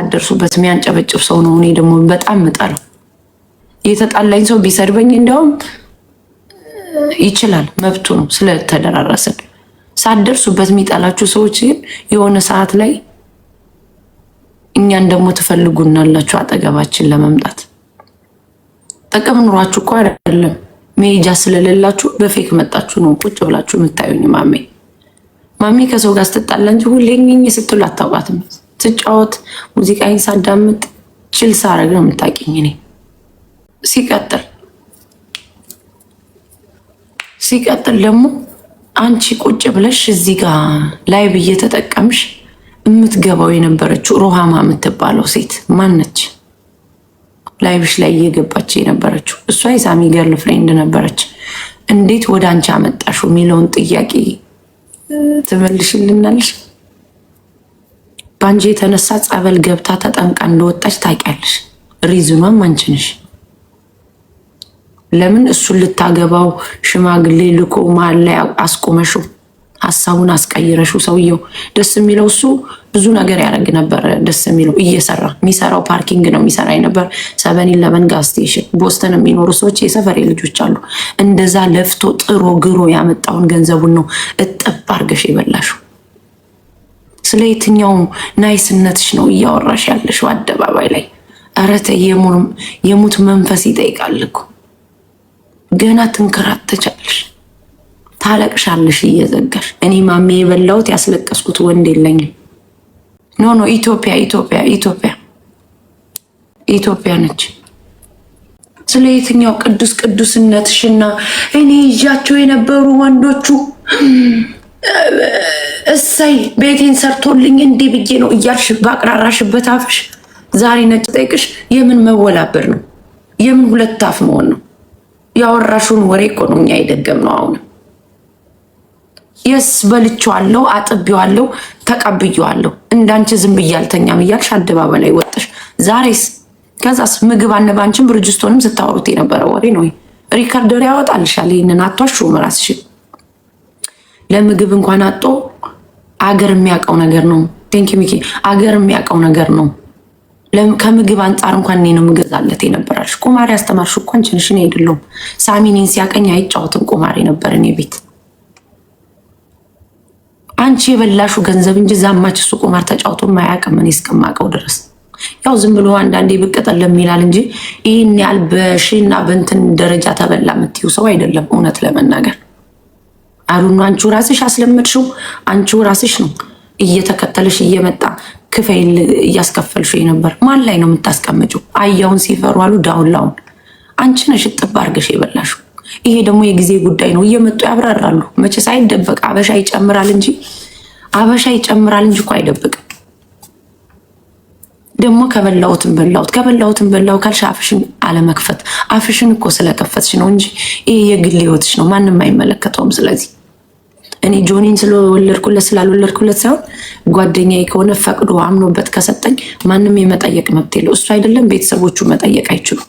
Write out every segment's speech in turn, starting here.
አደርሱበት የሚያንጨበጭብ ሰው ነው። እኔ ደግሞ በጣም ምጠለው የተጣላኝ ሰው ቢሰድበኝ እንዲያውም ይችላል፣ መብቱ ነው ስለተደራረስን። ሳደርሱበት የሚጠላችሁ ሰዎች ግን የሆነ ሰዓት ላይ እኛን ደግሞ ትፈልጉናላችሁ አጠገባችን ለመምጣት። ጥቅም ኑሯችሁ እኮ አይደለም መሄጃ ስለሌላችሁ በፌክ መጣችሁ ነው ቁጭ ብላችሁ የምታዩኝ። ማሜ ማሜ ከሰው ጋር ስትጣላ እንጂ ሁሌ ስትሉ አታውቃትም። ስጫወት ሙዚቃዬን ሳዳምጥ ችል ሳረግ ነው የምታውቂኝ። እኔ ሲቀጥል ሲቀጥል ደግሞ አንቺ ቁጭ ብለሽ እዚህ ጋር ላይቭ እየተጠቀምሽ የምትገባው የነበረችው ሮሃማ የምትባለው ሴት ማነች? ላይቭሽ ላይ እየገባች የነበረችው እሷ የሳሚ ገርል ፍሬንድ ነበረች። እንዴት ወደ አንቺ አመጣሽው የሚለውን ጥያቄ ትመልሽልናለሽ? በአንቺ የተነሳ ጸበል ገብታ ተጠምቃ እንደወጣች ታውቂያለሽ። ሪዝኗም አንቺ ነሽ። ለምን እሱን ልታገባው ሽማግሌ ልኮ መሀል ላይ አስቆመሽው፣ ሀሳቡን አስቀይረሽው። ሰውየው ደስ የሚለው እሱ ብዙ ነገር ያደረግ ነበር። ደስ የሚለው እየሰራ የሚሰራው ፓርኪንግ ነው የሚሰራ ነበር። ሰቨን ኢለቨን ጋስቴሽን ስቴሽን፣ ቦስተን የሚኖሩ ሰዎች የሰፈሬ ልጆች አሉ። እንደዛ ለፍቶ ጥሮ ግሮ ያመጣውን ገንዘቡን ነው እጥብ አድርገሽ የበላሽው። ስለ የትኛው ናይስነትሽ ነው እያወራሽ ያለሽው አደባባይ ላይ? ኧረ ተይ፣ የሙት መንፈስ ይጠይቃል እኮ ገና ትንከራተቻለሽ፣ ታለቅሻለሽ እየዘጋሽ። እኔ ማሜ የበላሁት ያስለቀስኩት ወንድ የለኝም። ኖ ኖ፣ ኢትዮጵያ ኢትዮጵያ ኢትዮጵያ ኢትዮጵያ ነች። ስለ የትኛው ቅዱስ ቅዱስነትሽና እኔ ይዣቸው የነበሩ ወንዶቹ እሰይ ቤቴን ሰርቶልኝ እንዴ ብዬ ነው እያልሽ በአቅራራሽበት አፍሽ ዛሬ ነጭ ጠይቅሽ የምን መወላበር ነው? የምን ሁለት አፍ መሆን ነው? ያወራሹን ወሬ እኮ ነው እኛ የደገም ነው። አሁን የስ በልቼዋለሁ፣ አጥቤዋለሁ፣ ተቀብዬዋለሁ። እንዳንቺ ዝም ብዬ አልተኛም እያልሽ አደባባይ ላይ ወጥሽ ዛሬስ ከዛስ ምግብ አነባንችን ብርጅስቶንም ስታወሩት የነበረ ወሬ ነው። ሪከርደር ያወጣልሻል። ይህንን አቷሽ ራስሽን ለምግብ እንኳን አጦ አገር የሚያውቀው ነገር ነው። ቴንኪ ሚኪ አገር የሚያውቀው ነገር ነው። ከምግብ አንጻር እንኳን እኔ ነው ምገዛለት የነበራልሽ። ቁማሪ አስተማርሽ እኮ አንቺን። እኔ አይደለሁም። ሳሚ እኔን ሲያቀኝ አይጫወትም። ቁማሪ ነበር እኔ ቤት አንቺ የበላሹ ገንዘብ እንጂ ዛማች እሱ ቁማር ተጫውቶ ማያውቅም። እኔ እስከማውቀው ድረስ ያው ዝም ብሎ አንዳንዴ ብቅጠል የሚላል እንጂ ይህን ያህል በሺና በእንትን ደረጃ ተበላ የምትይው ሰው አይደለም እውነት ለመናገር አሉን አንቺ ራስሽ አስለመድሽው። አንቺ ራስሽ ነው እየተከተለሽ እየመጣ ክፈይን እያስከፈልሽ ነበር። ማን ላይ ነው የምታስቀምጪው? አያውን ሲፈሩ አሉ ዳውላውን አንቺ ነሽ እጥብ አድርገሽ የበላሽው። ይሄ ደግሞ የጊዜ ጉዳይ ነው። እየመጡ ያብራራሉ። መቼ ሳይደበቅ አበሻ ይጨምራል እንጂ አበሻ ይጨምራል እንጂ እኮ አይደብቅም። ደግሞ ከበላሁትን በላሁት ከበላሁትን በላሁ ካልሽ አፍሽን አለመክፈት አፍሽን እኮ ስለከፈትሽ ነው እንጂ ይሄ የግል ህይወትሽ ነው፣ ማንም አይመለከተውም። ስለዚህ እኔ ጆኒን ስለወለድኩለት ስላልወለድኩለት ሳይሆን ጓደኛዬ ከሆነ ፈቅዶ አምኖበት ከሰጠኝ ማንም የመጠየቅ መብት የለው። እሱ አይደለም ቤተሰቦቹ መጠየቅ አይችሉም።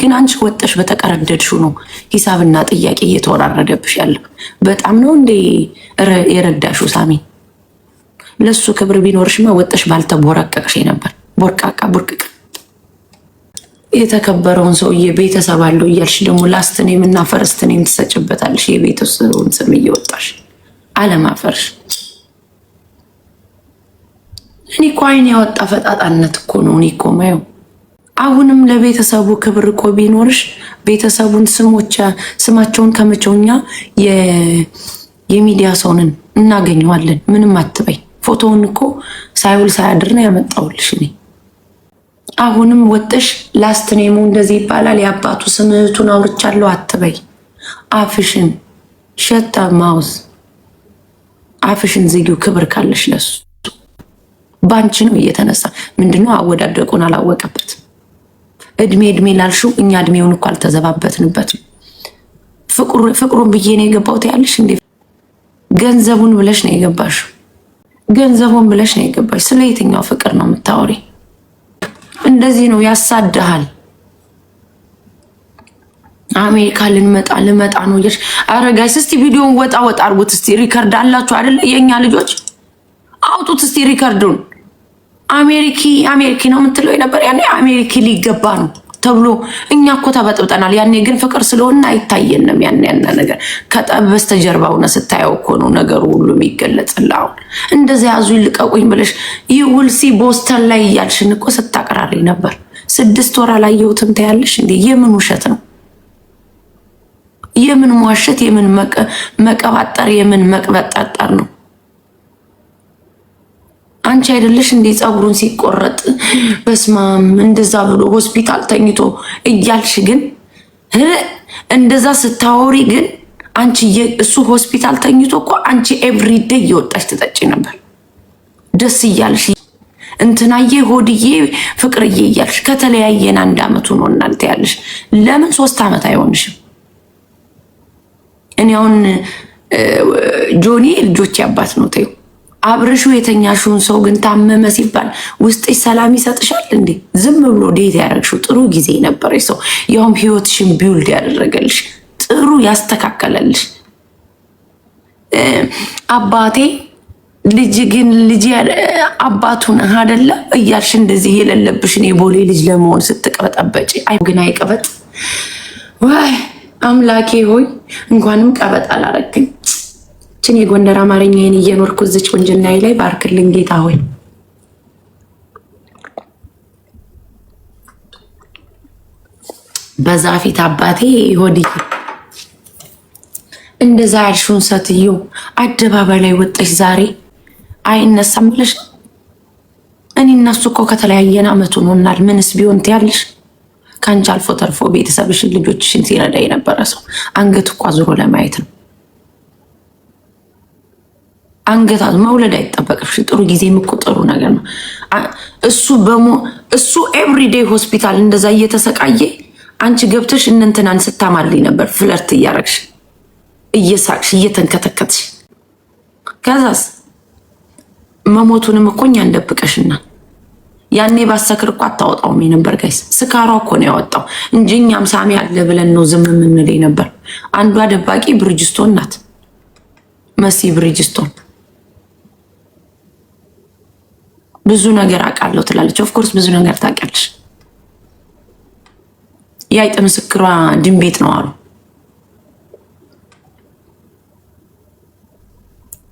ግን አንቺ ወጠሽ በተቀረደድሹ ነው ሂሳብና ጥያቄ እየተወራረደብሽ ያለው። በጣም ነው እንዴ የረዳሽው ሳሚ? ለሱ ክብር ቢኖርሽማ ወጠሽ ባልተቦረቀቅሽ ነበር። ቦርቃቃ ቦርቅቅ የተከበረውን ሰውዬ ቤተሰብ አለው እያልሽ ደግሞ ላስት ኔም እና ፈርስት ኔም ትሰጭበታለሽ። ስም እየወጣሽ አለማፈርሽ። እኔ እኮ አይን ያወጣ ፈጣጣነት እኮ ነው። እኔ እኮ ማየው አሁንም ለቤተሰቡ ክብር እኮ ቢኖርሽ ቤተሰቡን ስሞች ስማቸውን ከመቼውኛ የሚዲያ ሰውንን እናገኘዋለን። ምንም አትበይ። ፎቶውን እኮ ሳይውል ሳያድር ነው ያመጣውልሽ እኔ አሁንም ወጥሽ ላስት ኔሙ እንደዚህ ይባላል። የአባቱ ስም እህቱን አውርቻለሁ አትበይ። አፍሽን ሸታ ማውዝ አፍሽን ዝጊው። ክብር ካለሽ ለሱ ባንቺ ነው እየተነሳ ምንድነው አወዳደቁን አላወቀበት። እድሜ እድሜ ላልሽው እኛ እድሜውን እኮ አልተዘባበትንበትም። ፍቅሩን ብዬ ነው የገባሁት ያለሽ እንዴ? ገንዘቡን ብለሽ ነው የገባሽ። ገንዘቡን ብለሽ ነው የገባሽ። ስለ የትኛው ፍቅር ነው የምታወሪ? እንደዚህ ነው ያሳድሃል። አሜሪካ ልንመጣ ልመጣ ነው እያልሽ ኧረ ጋይስ እስቲ ቪዲዮን ወጣ ወጣ አርጉት እስቲ። ሪከርድ አላችሁ አይደለ? የኛ ልጆች አውጡት እስቲ ሪከርዱን። አሜሪኪ አሜሪኪ ነው የምትለው የነበር ያኔ አሜሪኪ ሊገባ ነው ተብሎ እኛ እኮ ተበጥብጠናል። ያኔ ግን ፍቅር ስለሆነ አይታየንም። ያን ያና ነገር ከበስተጀርባ ሆነ ስታየው እኮ ነው ነገሩ ሁሉ የሚገለጽል። አሁን እንደዚያ ያዙ ይልቀቁኝ ብለሽ ይህ ውልሲ ቦስተን ላይ እያልሽን እኮ ስታቀራሪ ነበር። ስድስት ወር አላየሁትም ታያለሽ እንዴ! የምን ውሸት ነው? የምን ሟሸት፣ የምን መቀባጠር፣ የምን መቅበጣጠር ነው? አንቺ አይደለሽ እንዴ ፀጉሩን ሲቆረጥ በስማም እንደዛ ብሎ ሆስፒታል ተኝቶ እያልሽ ግን እንደዛ ስታወሪ ግን አንቺ እሱ ሆስፒታል ተኝቶ እኮ አንቺ ኤቭሪዴይ እየወጣች ትጠጪ ነበር ደስ እያልሽ እንትናዬ ሆድዬ ፍቅርዬ እያልሽ ከተለያየን አንድ አመቱ ነው እናንተ ያለሽ ለምን ሶስት አመት አይሆንሽም እኔ አሁን ጆኒ ልጆች አባት ነው ተይው አብረሹ የተኛሽውን ሰው ግን ታመመ ሲባል ውስጥሽ ሰላም ይሰጥሻል እንዴ? ዝም ብሎ ዴት ያደረግሽው ጥሩ ጊዜ ነበረች ሰው ያውም ህይወትሽን ቢውልድ ያደረገልሽ ጥሩ ያስተካከለልሽ አባቴ ልጅ ግን ልጅ አባቱን አደለ እያልሽ እንደዚህ የሌለብሽን የቦሌ ልጅ ለመሆን ስትቀበጠበጭ፣ አይ ግን አይቀበጥ ወይ አምላኬ ሆይ እንኳንም ቀበጥ አላረግኝ። ችን የጎንደር አማርኛዬን እየኖርኩ እዚች ቁንጅናዬ ላይ ባርክልኝ ጌታ ሆይ። በዛ ፊት አባቴ ይሆድይ እንደዛ ያልሽውን ሰትዮ አደባባይ ላይ ወጣሽ ዛሬ አይነሳም ብለሽ እኔ እነሱ እኮ ከተለያየን አመት ሆናል። ምንስ ቢሆን ትያለሽ? ከአንቺ አልፎ ተርፎ ቤተሰብሽን ልጆችሽን ሲረዳ የነበረ ሰው አንገት እኮ አዙሮ ለማየት ነው። አንገታት መውለድ አይጠበቅሽ። ጥሩ ጊዜ የምቆጠሩ ነገር ነው። እሱ በሞ እሱ ኤቭሪዴይ ሆስፒታል እንደዛ እየተሰቃየ አንቺ ገብተሽ እነንትናን ስታማልኝ ነበር፣ ፍለርት እያረግሽ እየሳቅሽ እየተንከተከትሽ። ከዛስ መሞቱንም እኮ እኛ እንደብቀሽና ያኔ ባሰክር እኮ አታወጣውም የነበር ጋይስ። ስካሯ እኮ ነው ያወጣው እንጂ እኛም ሳሚ አለ ብለን ነው ዝም የምንል ነበር። አንዷ ደባቂ ብርጅስቶን ናት፣ መሲ ብሪጅስቶን ብዙ ነገር አውቃለሁ ትላለች። ኦፍኮርስ ብዙ ነገር ታውቂያለሽ። የአይጥ ምስክሯ ድንቤት ነው አሉ።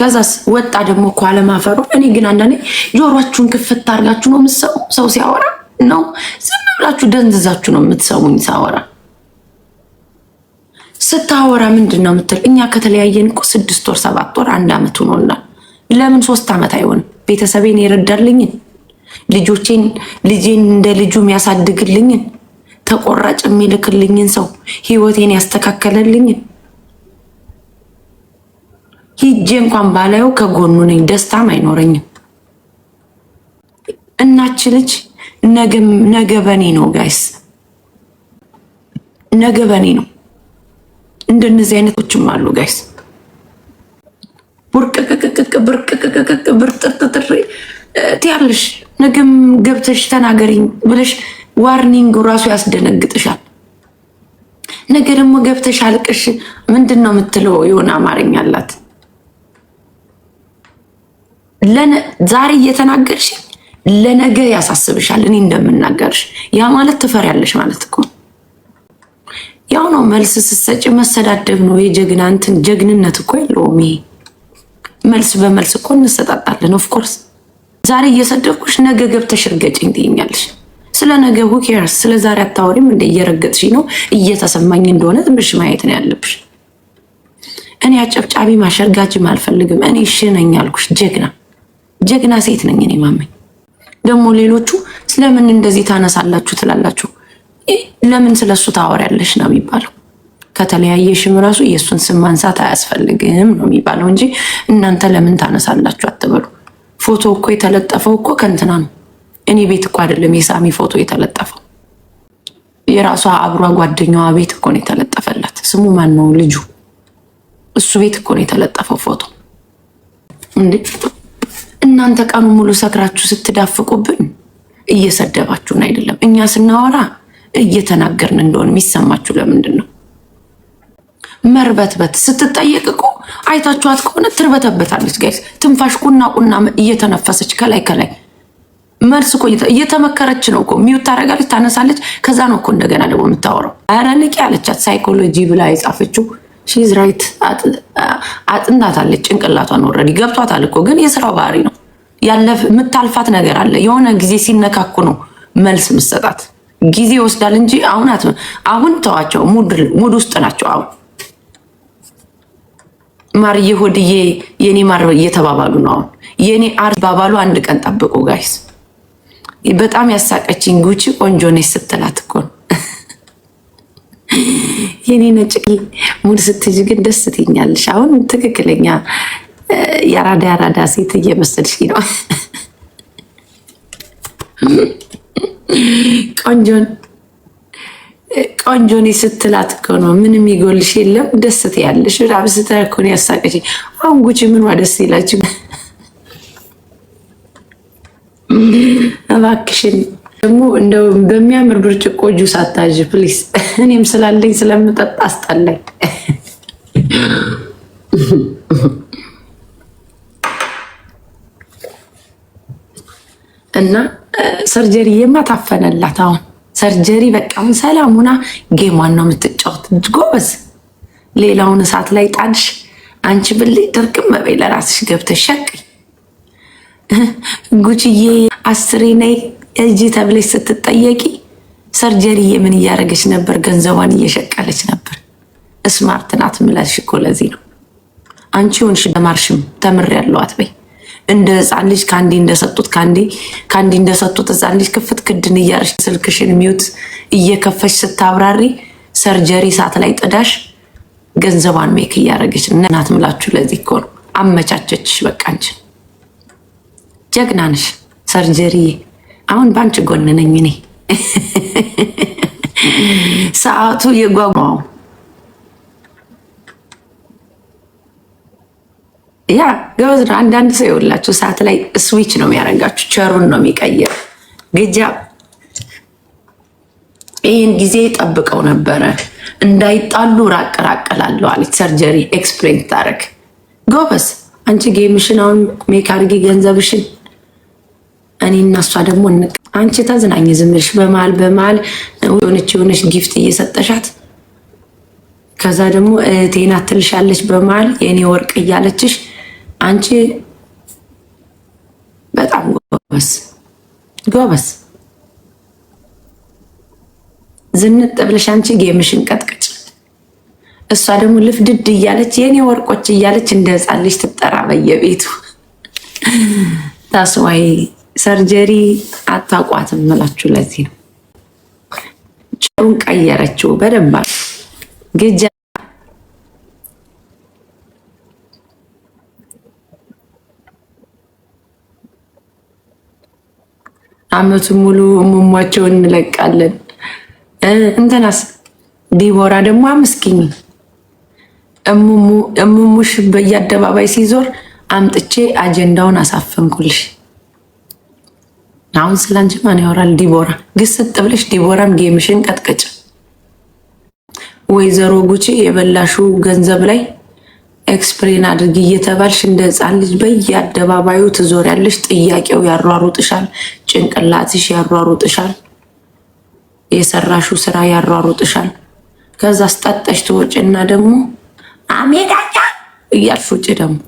ከዛስ ወጣ ደግሞ እኮ አለማፈሩ። እኔ ግን አንዳንዴ ጆሯችሁን ክፍት አድርጋችሁ ነው የምትሰሙ። ሰው ሲያወራ ነው ዝም ብላችሁ ደንዝዛችሁ ነው የምትሰሙኝ። ሳወራ ስታወራ ምንድን ነው የምትል? እኛ ከተለያየን እኮ ስድስት ወር ሰባት ወር አንድ አመት ሆኖናል። ለምን ሶስት አመት አይሆንም? ቤተሰቤን ይረዳልኝን ልጆቼን ልጄን እንደ ልጁ የሚያሳድግልኝን ተቆራጭ የሚልክልኝን ሰው ህይወቴን ያስተካከለልኝን ሂጄ እንኳን ባላየው ከጎኑ ነኝ። ደስታም አይኖረኝም። እናች ልጅ ነገ በኔ ነው፣ ጋይስ ነገ በኔ ነው። እንደነዚህ አይነቶችም አሉ ጋይስ ቡርቅቅቅቅ ብርቅ ልቅቅቅ ብርጥርጥጥሬ ትያለሽ። ነገም ገብተሽ ተናገሪኝ ብለሽ ዋርኒንግ ራሱ ያስደነግጥሻል። ነገ ደግሞ ገብተሽ አልቅሽ ምንድን ነው የምትለው? የሆነ አማርኛ አላት። ዛሬ እየተናገርሽ ለነገ ያሳስብሻል። እኔ እንደምናገርሽ ያ ማለት ትፈሪያለሽ ማለት እኮ ያው ነው። መልስ ስትሰጪ መሰዳደብ ነው። የጀግና እንትን ጀግንነት እኮ የለውም ይሄ መልስ በመልስ እኮ እንሰጣጣለን። ኦፍኮርስ ዛሬ እየሰደኩሽ ነገ ገብተሽ እርገጭኝ ትይኛለሽ። ስለ ነገ ሁኬርስ ስለ ዛሬ አታወሪም። እንደ እየረገጥሽ ነው እየተሰማኝ እንደሆነ ትንሽ ማየት ነው ያለብሽ። እኔ አጨብጫቢም አሸርጋጅም አልፈልግም። እኔ ሽነኝ ነኝ አልኩሽ። ጀግና ጀግና ሴት ነኝ እኔ ማመኝ። ደግሞ ሌሎቹ ስለምን እንደዚህ ታነሳላችሁ ትላላችሁ፣ ለምን ስለሱ ታወሪያለሽ ነው የሚባለው። ከተለያየሽም ራሱ የእሱን ስም ማንሳት አያስፈልግም ነው የሚባለው እንጂ እናንተ ለምን ታነሳላችሁ አትበሉ። ፎቶ እኮ የተለጠፈው እኮ ከንትና ነው። እኔ ቤት እኮ አይደለም የሳሚ ፎቶ የተለጠፈው፣ የራሷ አብሯ ጓደኛዋ ቤት እኮ ነው የተለጠፈላት። ስሙ ማን ነው ልጁ? እሱ ቤት እኮ ነው የተለጠፈው ፎቶ። እንዴ እናንተ ቀኑ ሙሉ ሰክራችሁ ስትዳፍቁብን እየሰደባችሁን አይደለም። እኛ ስናወራ እየተናገርን እንደሆን የሚሰማችሁ ለምንድን ነው? መርበትበት ስትጠየቅ እኮ አይታችኋት ከሆነ ትርበተበታለች። ጋይስ ትንፋሽ ቁና ቁና እየተነፈሰች ከላይ ከላይ መልስ እኮ እየተመከረች ነው እኮ ሚዩት ታደርጋለች፣ ታነሳለች። ከዛ ነው እኮ እንደገና ደግሞ የምታወራው። ኧረ ንቂ ሳይኮሎጂ ብላ የጻፈችው ሺዝ ራይት አጥንታታለች። ጭንቅላቷን ወረድ ገብቷታል እኮ ግን የስራው ባህሪ ነው ያለ የምታልፋት ነገር አለ። የሆነ ጊዜ ሲነካኩ ነው መልስ ምሰጣት ጊዜ ይወስዳል እንጂ አሁን አሁን ተዋቸው። ሙድ ውስጥ ናቸው አሁን ማር የሆድዬ የኔ ማር እየተባባሉ ነው። አሁን የኔ አር ባባሉ አንድ ቀን ጠብቁ ጋይስ። በጣም ያሳቀችኝ ጉቺ ቆንጆ ነች ስትላት እኮ የኔ ነጭ ሙድ ስትጅ ግን ደስ ትኛለሽ። አሁን ትክክለኛ የአራዳ የአራዳ ሴት እየመሰልሽ ነው ቆንጆን ቆንጆኔ ስትላት እኮ ነው። ምንም ይጎልሽ የለም ደስ ትያለሽ። አብስተ እኮ ነው ያሳቀሽ። አሁን ጉቺ ምኗ ደስ ይላች? እባክሽን ደግሞ እንደው በሚያምር ብርጭቆ ጁስ አታዥ ፕሊስ። እኔም ስላለኝ ስለምጠጣ አስጠላኝ። እና ሰርጀሪ የማታፈነላት አሁን ሰርጀሪ በቃ ሰላም ሁና ጌሟን ነው የምትጫወት። ጎበዝ፣ ሌላውን እሳት ላይ ጣድሽ። አንቺ ብል ድርቅም መበይ ለራስሽ ገብተሽ ሸቅ ጉችዬ አስሬ ነይ እጅ ተብለሽ ስትጠየቂ ሰርጀሪ የምን እያደረገች ነበር? ገንዘቧን እየሸቀለች ነበር። ስማርት ናት ምላሽ እኮ ለዚህ ነው። አንቺ ሆንሽ ተምር ያለዋት በይ። እንደ ህፃን ልጅ ከአንዴ እንደሰጡት ከአንዴ ከአንዴ እንደሰጡት ህፃን ልጅ ክፍት ክድን እያርሽ ስልክሽን ሚውት እየከፈች ስታብራሪ ሰርጀሪ ሰዓት ላይ ጥዳሽ ገንዘቧን ሜክ እያደረገች እናት ምላችሁ። ለዚህ እኮ ነው አመቻቸችሽ። በቃ አንቺ ጀግና ነሽ ሰርጀሪ። አሁን በአንቺ ጎን ነኝ እኔ ሰዓቱ የጓጓው ያ ገበዝ ነው። አንዳንድ ሰው የወላቸው ሰዓት ላይ ስዊች ነው የሚያደርጋችሁ፣ ቸሩን ነው የሚቀይር። ግጃ ይህን ጊዜ ጠብቀው ነበረ እንዳይጣሉ ራቅ ራቅ እላለሁ አለች። ሰርጀሪ ኤክስፕሌን ታደርግ ጎበዝ። አንቺ ጌምሽን አሁን ሜክ አድርጊ ገንዘብሽን፣ እኔ እና እሷ ደግሞ እንቅ አንቺ ተዝናኝ ዝምሽ በመሀል በመሀል የሆነች የሆነች ጊፍት እየሰጠሻት ከዛ ደግሞ ቴና ትልሻለች በመሀል የእኔ ወርቅ እያለችሽ አንቺ በጣም ጎበስ ጎበስ ዝንጥ ብለሽ አንቺ ጌምሽን ቀጥቅጭ፣ እሷ ደግሞ ልፍድድ እያለች የኔ ወርቆች እያለች እንደ ህፃን ልጅ ትጠራ በየቤቱ። ታስዋይ ሰርጀሪ አታቋትም ምላችሁ ለዚህ ነው። ጭሩን ቀየረችው በደንብ ግጃ አመቱን ሙሉ እሙሟቸውን እንለቃለን። እንትናስ ዲቦራ ደግሞ አምስኪኝ እሙሙሽ በየአደባባይ ሲዞር አምጥቼ አጀንዳውን አሳፈንኩልሽ። አሁን ስላንቺ ማን ያወራል? ዲቦራ ግስጥ ብለሽ ዲቦራም ጌምሽን ቀጥቀጭ። ወይዘሮ ጉቺ የበላሹ ገንዘብ ላይ ኤክስፕሬን አድርጊ እየተባልሽ እንደ ህፃን ልጅ በየአደባባዩ ትዞሪያለሽ። ጥያቄው ያሯሩጥሻል፣ ጭንቅላትሽ ያሯሩጥሻል፣ የሰራሹ ስራ ያሯሩጥሻል። ከዛ አስጠጠሽ ትወጭና ደግሞ አሜዳኛ እያልሽ ውጭ ደግሞ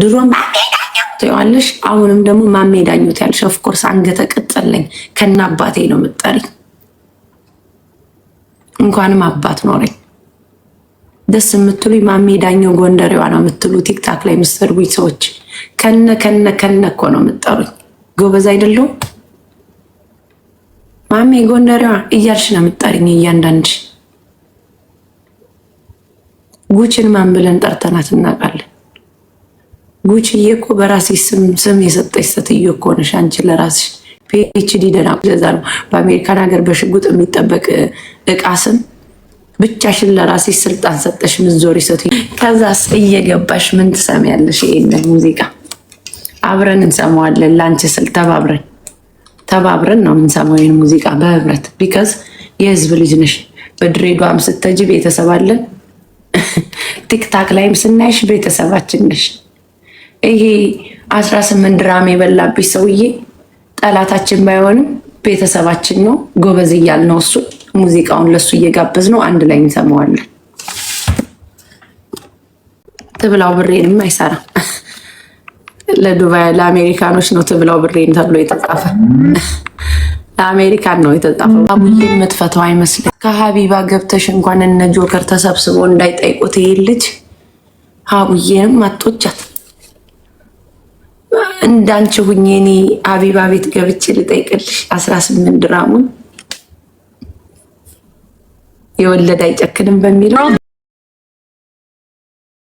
ድሮም ማሜዳኛው ትዋለሽ፣ አሁንም ደግሞ ማሜዳኛው ትያለሽ። ኦፍኮርስ አንገተ ቅጥለኝ ከነ አባቴ ነው የምጠሪኝ። እንኳንም አባት ኖረኝ ደስ የምትሉኝ ማሜ ዳኘው ጎንደሬዋ ነው የምትሉ ቲክታክ ላይ የምትሰድቡኝ ሰዎች ከነ ከነ ከነ እኮ ነው የምጠሩኝ። ጎበዝ አይደለሁም? ማሜ ጎንደሬዋ እያልሽ ነው የምጠሪኝ። እያንዳንድ ጉችን ማን ብለን ጠርተናት እናውቃለን? ጉችዬ እኮ በራሴ ስም የሰጠች ሴትዮ እኮ ነሽ አንቺ ለራስሽ ፒኤችዲ ደና ነው በአሜሪካን ሀገር በሽጉጥ የሚጠበቅ እቃ ስም ብቻሽን ለራሴ ስልጣን ሰጠሽ። ምን ዞር ይሰቱኝ። ከዛስ እየገባሽ ምን ትሰሚያለሽ? ይሄንን ሙዚቃ አብረን እንሰማዋለን። ለአንቺ ስል ተባብረን ተባብረን ነው የምንሰማው ይህን ሙዚቃ በህብረት ቢከዝ የህዝብ ልጅ ነሽ። በድሬዳዋም ስተጅ ቤተሰብ አለን። ቲክታክ ላይም ስናይሽ ቤተሰባችን ነሽ። ይሄ አስራ ስምንት ድራም የበላብሽ ሰውዬ ጠላታችን ባይሆንም ቤተሰባችን ነው። ጎበዝ እያል ነው እሱን ሙዚቃውን ለሱ እየጋበዝ ነው፣ አንድ ላይ እንሰማዋለን። ትብላው ብሬንም አይሰራም። ለዱባይ ለአሜሪካኖች ነው ትብላው ብሬን ተብሎ የተጻፈ ለአሜሪካን ነው የተጻፈ። አቡዬ የምትፈተው አይመስልም። ከሀቢባ ገብተሽ እንኳን እነ ጆከር ተሰብስቦ እንዳይጠይቁት ይሄ ልጅ አቡዬንም አጦቻት። እንዳንቺ ሁኜ እኔ ሀቢባ ቤት ገብቼ ልጠይቅልሽ አስራ ስምንት ድራሙን የወለድ አይጨክንም በሚለው